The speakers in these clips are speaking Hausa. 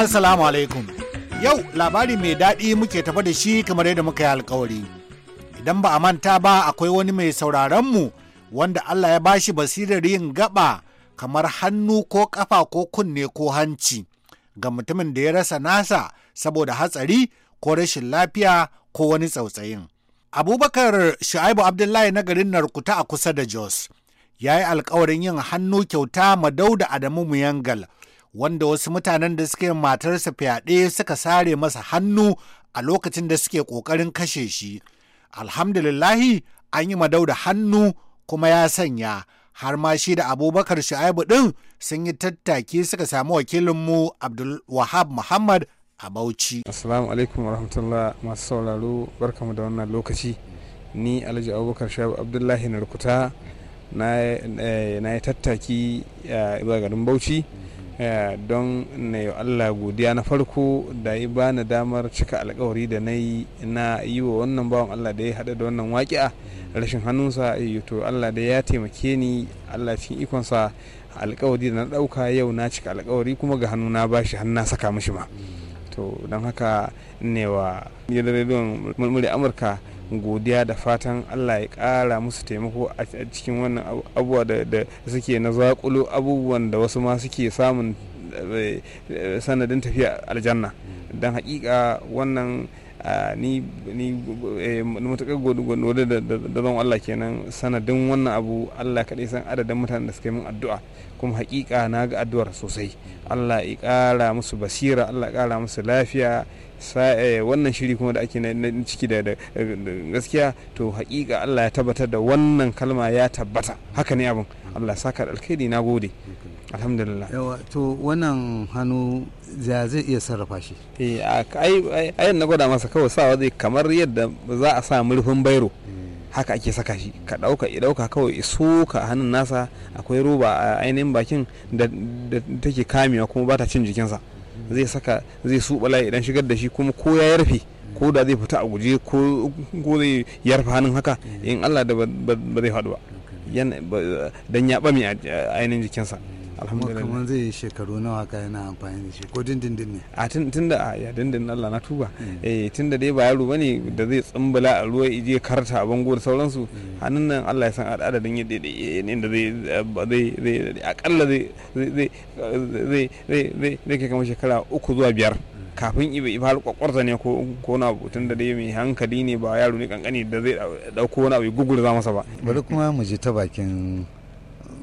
assalamu alaikum yau labari mai daɗi muke tafa da shi kamar yadda muka yi alkawari idan ba a manta ba akwai wani mai mu wanda allah ya bashi basirar yin gaba kamar hannu ko ƙafa ko kunne ko hanci ga mutumin da ya rasa nasa saboda hatsari ko rashin lafiya ko wani tsautsayin abubakar shu'aibu abdullahi na garin narkuta a kusa da jos ya yi alkawarin yin hannu kyauta ma dauda adamu muyangal wanda wasu mutanen da suke matarsa fyaɗe suka sare masa hannu a lokacin da suke ƙoƙarin kashe shi. Alhamdulillahi an yi madau da hannu kuma ya sanya har ma shi da abubakar shu'aibu ɗin sun yi tattaki suka samu wakilinmu Abdulwahab Muhammad a Bauchi. Assalamu alaikum rahmatullah masu sauraro barkamu da wannan lokaci. Ni Alhaji Abubakar Shu'aibu Abdullahi Narkuta na yi eh, tattaki eh, a garin Bauchi. Eh, don na yi allah godiya na farko da ya bani damar cika alkawari da na yi na yi wa wannan bawan allah da ya haɗa da wannan waƙi'a rashin hannunsa eh, to allah da ya taimake ni allah cikin ikonsa alkawari da na ɗauka yau na cika alkawari kuma ga hannu na bashi hannu na saka mishi ma to don haka ne wa rediyon murmuri amurka godiya da fatan allah ya ƙara musu taimako a cikin wannan abubuwa da suke na zaƙulo abubuwan da wasu ma suke samun eh, sanadin tafiya aljanna don haƙiƙa wannan ni eh, ni matuƙar gode da zan Allah kenan sanadin wannan abu Allah kaɗai san adadin mutanen da suka yi min addu'a kuma haƙiƙa na ga addu'ar sosai Allah ya ƙara musu basira Allah ya ƙara musu lafiya eh, wannan shiri kuma da ake na ciki da gaskiya to haƙiƙa Allah ya tabbatar da wannan kalma ya tabbata haka ne abin Allah saka alkhairi na gode alhamdulillah to wannan hannu ya zai iya sarrafa shi eh, ai na gwada masa kawai sawa zai kamar yadda za a sa murfin bairo hmm. haka ake saka shi ka ɗauka ya ɗauka kawai soka hannun nasa akwai roba a ainihin bakin da take kamewa kuma ba ta cin jikinsa hmm. zai saka zai subala idan shigar da shi kuma ko ya yarfe ko da zai fita a guje ko zai yarfe hannun haka hmm. in allah da ba zai faɗu ba dan ya a ainihin jikinsa alhamdulillah kamar zai yi shekaru nawa haka yana amfani da shi ko dindindin ne a tun da ya dindindin Allah na tuba hmm. eh tun da dai ba yaro bane da zai tsumbula a ruwa ije karta a bango da sauransu hmm. hannun nan Allah ya san adadin yadda inda zai zai zai akalla zai zai zai zai zai kai kamar shekara uku zuwa biyar hmm. kafin ibe ibe har kwakwarta ne ko ko na tun da dai mai hankali ne ba yaro ne kankani da zai dauko wani abu za masa ba bari kuma mu je ta bakin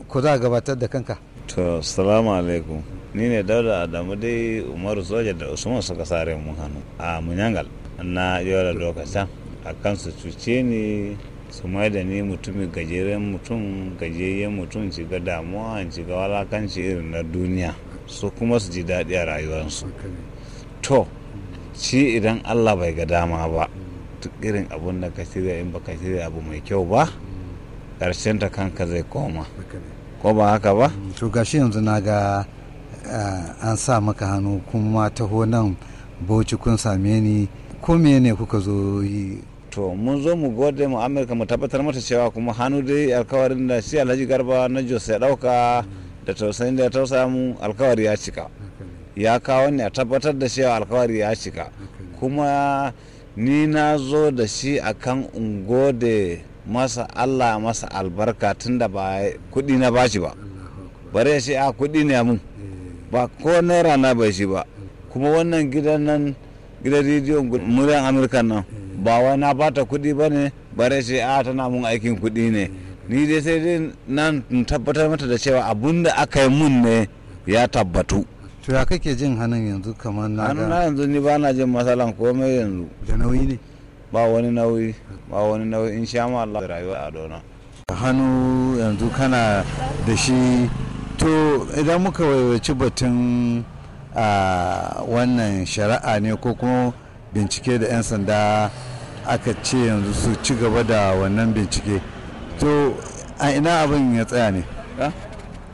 ko za a gabatar da kanka to salamu alaikum ni ne dauda adamu dai umaru soja da usman suka sare mu hannu a munyangal na yau da lokacin a kan su cuce ni su mai da ni mutumin gajeren mutum gajeren mutum ga damuwa ci ga walakanci irin na duniya su kuma su ji daɗi a rayuwarsu to ci idan allah bai ga dama ba duk irin abun da ka shirya in ka shirya abu mai kyau ba ƙarshen ta kanka zai koma ko ba haka ba to gashi yanzu na ga an sa maka hannu kuma taho nan bauchi kun same ni ko ne kuka zo yi to mun zo mu gode mu amurka mu tabbatar mata cewa kuma hannu dai alkawarin da shi alhaji garba na jos ya dauka da tausayin da ya tausaya mu alkawari ya cika ya kawo ne a tabbatar da cewa alkawari ya cika kuma ni na zo da shi akan ungode masa Allah masa albarka tun da ba kuɗi na bashi ba bare ya shi a kuɗi ne mun ba ko naira na bai shi ba kuma wannan gidan nan gidan rediyon muryan amurka nan ba wai na bata kuɗi ba ne bare ya shi a tana mun aikin kuɗi ne ni dai sai dai nan tabbatar mata da cewa abun da aka yi mun ne ya tabbatu to ya kake jin hannun yanzu kamar na ga hannun yanzu ni ba na jin matsalan komai yanzu da nauyi ne ba wani nauyi ba wani nauyi in sha ma Allah rayuwa a dona hannu yanzu kana da shi to idan muka waiwaci batun a wannan shari'a ne ko kuma bincike da 'yan sanda aka ce yanzu su ci gaba da wannan bincike to a ina abin ya tsaya ne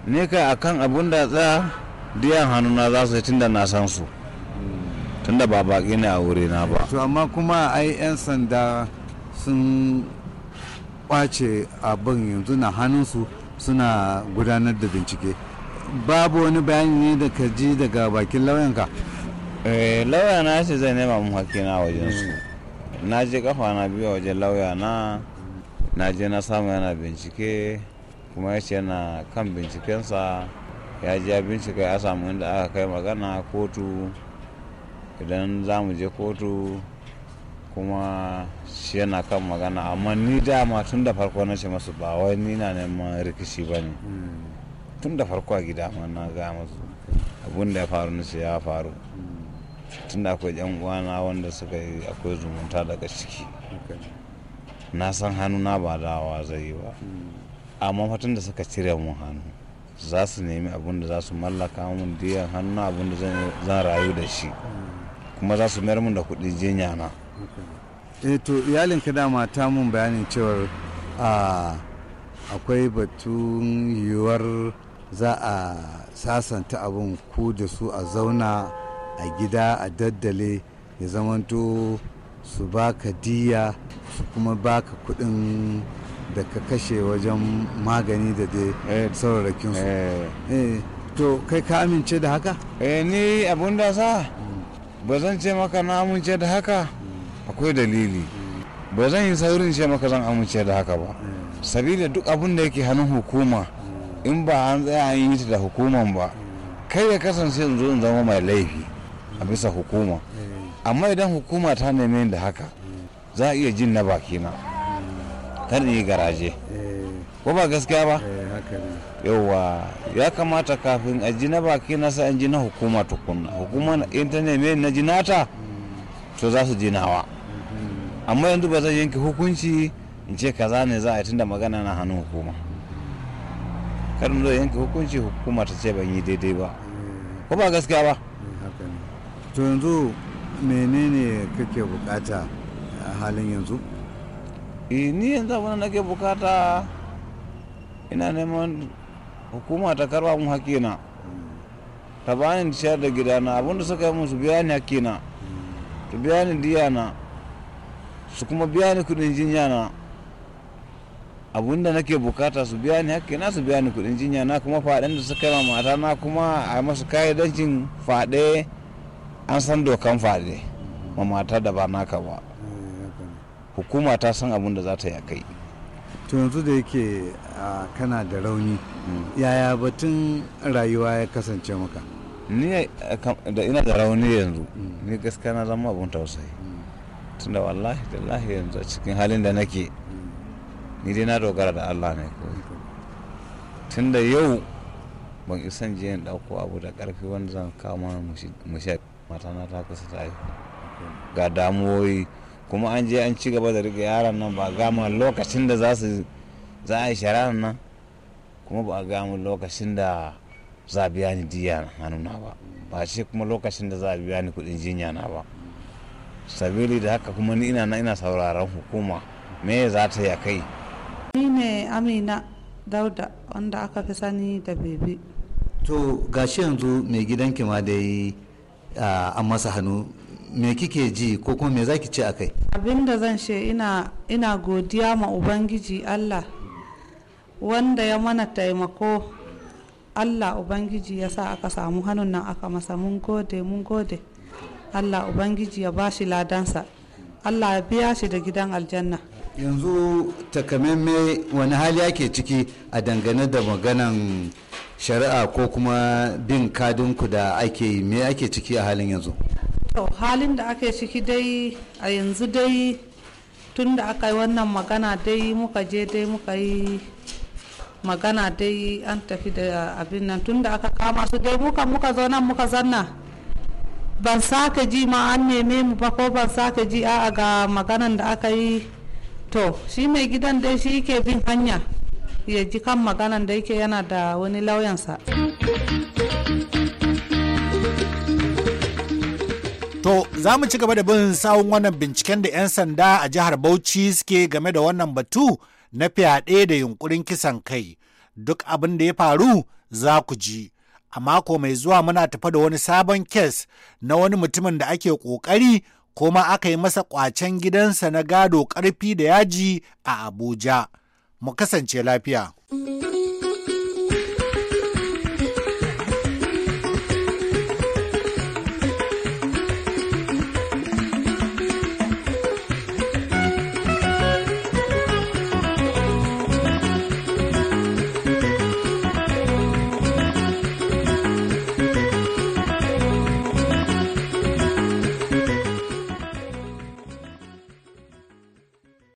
ne kai akan abun da tsaya diyan hannuna za su yi tun na san su tunda ba baki ne a na ba to amma kuma ai 'yan sanda sun kwace abin yanzu na hannunsu suna gudanar da bincike babu wani bayani ne da ka ji daga bakin lauyanka eh, lauya na shi zai nema mun na a su hmm. na je kafa na biyu a wajen lauya na na je na samu yana bincike kuma ya ce yana kan bincikensa ya je ya bincika ya samu inda aka kai magana kotu idan za mu je kotu kuma shi yana kan magana amma ni dama tun da farko na ce masu ba wai ni na neman rikici ba ne tun da farko a gida ma na ga masu abin da ya faru na ce ya faru tun da akwai yan uwana wanda suka yi akwai zumunta daga ciki na san hannu na ba dawa zai yi ba amma fatan da suka cire mu hannu za su nemi abin da za su mallaka mun diyan hannu abin da zan rayu da shi kuma za su mayar mun da kuɗin jinya na eh to iyalin ka dama ta mun bayanin cewar akwai batun yiwuwar za a sasanta abin ko da su a zauna a gida a daddale ya zamanto su baka diya su kuma baka kuɗin da ka kashe wajen magani da dai eh, saurakin su eh. Eh, to kai ka amince da haka? ni abun da sa ba zan ce maka na amince da haka akwai dalili ba zan yi saurin ce maka zan amince da haka ba sabida duk abin da yake hannun hukuma in ba an tsaya an yi ta da hukuman ba kai ya kasance in zo in zama mai laifi a bisa hukuma amma idan hukuma ta neme da haka za a iya jin na bakina kar yi garaje ko ba gaskiya ba Yauwa ya kamata kafin a ji na baki na sa ji na hukuma tukunna hukuma na intanet mai na ji nata to za su ji nawa amma yanzu ba zai yanke hukunci in ce kaza ne za a yi tunda magana na hannun hukuma kar mu yanke hukunci hukuma ta ce ban yi daidai ba ko ba gaskiya ba eh, to yanzu menene kake bukata a halin yanzu eh, ni yanzu abin da nake bukata ina neman hukuma ta karba mu hakina ta bani ciyar da gidana abinda suka yi musu biya ni hakina ta biya ni diyana su kuma biya ni kudin jinya na abinda nake bukata su biya ni hakina su biya ni kudin jinya na kuma faɗin da suka yi ma mata na kuma a yi masu ka'idancin faɗe an san dokan faɗe ma mata da ba naka ba eh, hukuma ta san abinda da za ta yi kai to yanzu da yake kana da rauni mm. yaya batun rayuwa ya kasance maka ni eh, da ina da rauni yanzu mm. ni gaskiya na zama abun tausayi mm. tunda wallahi da lahi yanzu a cikin halin da nake ni dai na dogara da allah ne tunda yau ban isan je in dauko abu da karfi wanda zan kama mu sha mata na ta kasa ta ga damuwoyi kuma an je an ci gaba da riga yaran nan ba gama lokacin da za su za a yi shari'ar nan kuma ba a gama lokacin da za a biya ni diya hannuna ba ba ce kuma lokacin da za a biya ni kudin jinya na ba sabili da haka kuma ni ina na ina sauraron hukuma me za ta yi a kai ni ne amina dauda wanda aka fi sani da bebe to gashi yanzu mai gidanki ma dai ah, an masa hannu me kike ji ko kuma me zaki ce akai abin da zan ce ina ina godiya ma ubangiji Allah wanda ya mana taimako Allah ubangiji ya sa aka samu hannun nan aka masa mun gode mun gode Allah ubangiji ya bashi ladansa Allah ya biya shi da gidan aljanna yanzu takamaimai wani hali yake ciki a dangane da maganan shari'a ko kuma bin kadinku da ake yi me ake ciki a halin yanzu to halin da ake ciki dai a yanzu dai tun da aka yi wannan magana dai muka je dai muka yi magana dai an tafi da abin nan tun da aka kama su dai muka muka zo nan muka zanna ban sake ji ma an neme mu ba ko ban sake ji a ga maganan da aka yi to shi mai gidan dai shi ke bin hanya ya ji kan maganan da yake yana da wani lauyansa. To, za mu ci gaba da bin sawun wannan binciken da 'yan sanda a jihar Bauchi suke game da wannan batu na fyaɗe da yunkurin kisan kai. Duk abin da ya faru za ku ji. A mako mai zuwa muna tafa da wani sabon kes na wani mutumin da ake ƙoƙari ko ma aka yi masa ƙwacen gidansa na gado ƙarfi da yaji a Abuja. Mu kasance lafiya.